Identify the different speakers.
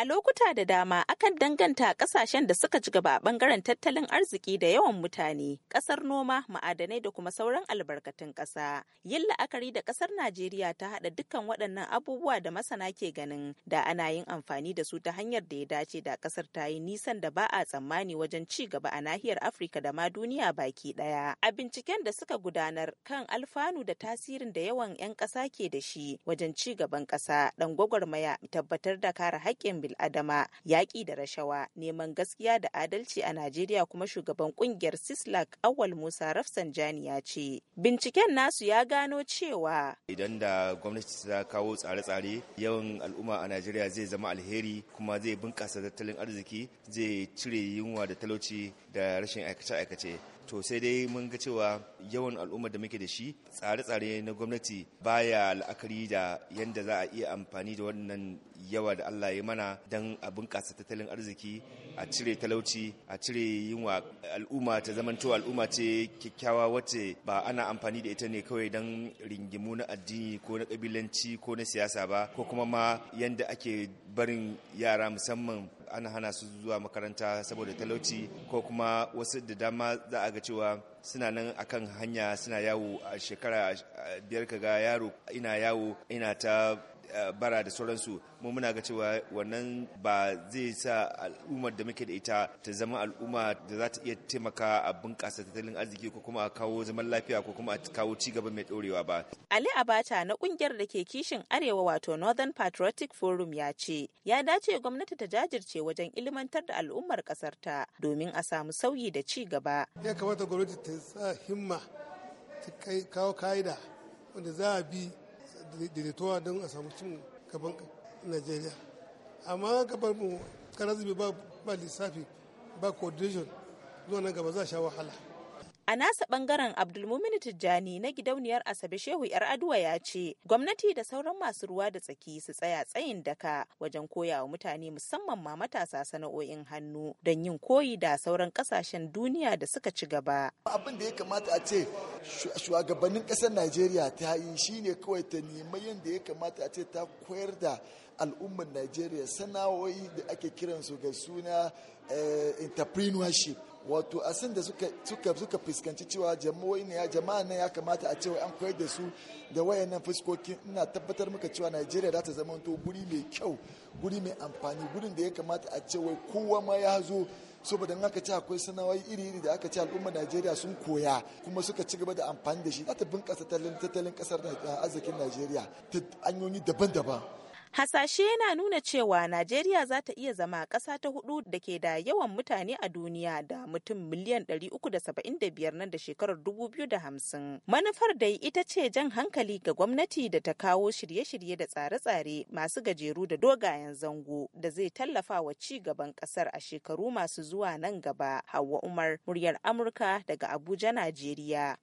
Speaker 1: A lokuta da dama akan danganta kasashen da suka ci gaba a bangaren tattalin arziki da yawan mutane, kasar noma, ma'adanai da kuma sauran albarkatun ƙasa. Yin la'akari da kasar Najeriya ta haɗa dukkan waɗannan abubuwa da masana ke ganin da ana yin amfani da su ta hanyar da ya dace da kasar ta yi nisan da ba a tsammani wajen ci gaba a nahiyar Afirka da ma duniya baki ɗaya. A binciken da suka gudanar kan alfanu da tasirin da yawan 'yan ƙasa ke da shi wajen ci gaban ƙasa, ɗan gwagwarmaya tabbatar da kare haƙƙin bil'adama yaƙi da rashawa neman gaskiya da adalci a najeriya kuma shugaban ƙungiyar sislak awal musa rafsanjani ya ce binciken nasu ya gano cewa
Speaker 2: idan da gwamnati ta kawo tsare-tsare yawan al'umma a najeriya zai zama alheri kuma zai bunƙasa tattalin arziki zai cire yunwa da talauci da rashin aikace-aikace to sai dai mun ga cewa yawan al'ummar da muke da shi tsare-tsare na gwamnati baya la'akari da yadda za a iya amfani da wannan yawa da Allah ya mana don a bunƙasa tattalin arziki a cire talauci a cire yunwa al'umma ta zamanto al'umma ce kyakkyawa wacce ba ana amfani da ita ne kawai don ringimu na addini ko na kabilanci ko na siyasa ba ko kuma ma yadda ake barin yara musamman ana hana su zuwa makaranta saboda talauci ko kuma wasu da dama za a ga cewa suna nan akan hanya suna yawo a shekara biyar kaga yaro ina yawo ina ta Eh, bara da sauransu mu muna ga cewa wannan ba zai sa al'ummar da muke da ita ta zama al'umma da za ta iya taimaka a bunƙasa tattalin arziki ko kuma a kawo zaman lafiya ko kuma a kawo ci gaba mai ɗorewa ba. Ali
Speaker 1: Abata na ƙungiyar da ke kishin Arewa wato Northern Patriotic Forum ya ce ya dace gwamnati ta jajirce wajen ilmantar da al'ummar ƙasar ta domin a samu sauyi da ci gaba.
Speaker 2: Ya kamata gwamnati ta sa himma ta kawo ka'ida wanda za a bi daidaituwa don a samu cin gaban najeriya amma gabar mu karazibi ba lissafi ba coordination zuwa nan gaba za a sha
Speaker 1: wahala A nasa bangaren Abdulmumin Tijjani na gidauniyar Asabe Shehu yar Aduwa ya ce, gwamnati da sauran masu ruwa da tsaki su tsaya tsayin daka wajen koya wa mutane musamman ma matasa sana'o'in hannu don yin koyi da sauran kasashen duniya da suka
Speaker 3: ci gaba. Abin da ya kamata a ce shugabannin ƙasar Najeriya ta yi shi ne kawai ta nemi yadda ya kamata a ce ta koyar da al'ummar Najeriya sana'o'i da ake kiransu ga suna eh, entrepreneurship wato a da suka fuskanci cewa jama'o'i ne ya jama'a ne ya kamata a cewa an koyar da su da wayannan fuskoki ina tabbatar maka cewa Najeriya za ta zama to guri mai kyau guri mai amfani gurin da ya kamata a cewa kowa ma ya zo saboda in aka ci akwai sanawai iri-iri da aka ci al'ummar Najeriya sun koya kuma suka ci gaba da amfani da shi za ta bunƙasa tattalin kasar eh, arzikin Najeriya ta hanyoyi daban-daban
Speaker 1: Hasashe yana nuna cewa Najeriya za ta iya zama ƙasa ta hudu da ke da yawan mutane a duniya da mutum miliyan 375 nan da shekarar 2050. Manufar dai ita ce jan hankali ga gwamnati da ta kawo shirye-shirye da tsare-tsare masu gajeru da dogayen zango da zai tallafa wa ci gaban ƙasar a shekaru masu zuwa nan gaba. Hauwa Umar, muryar Amurka daga Abuja, Najeriya.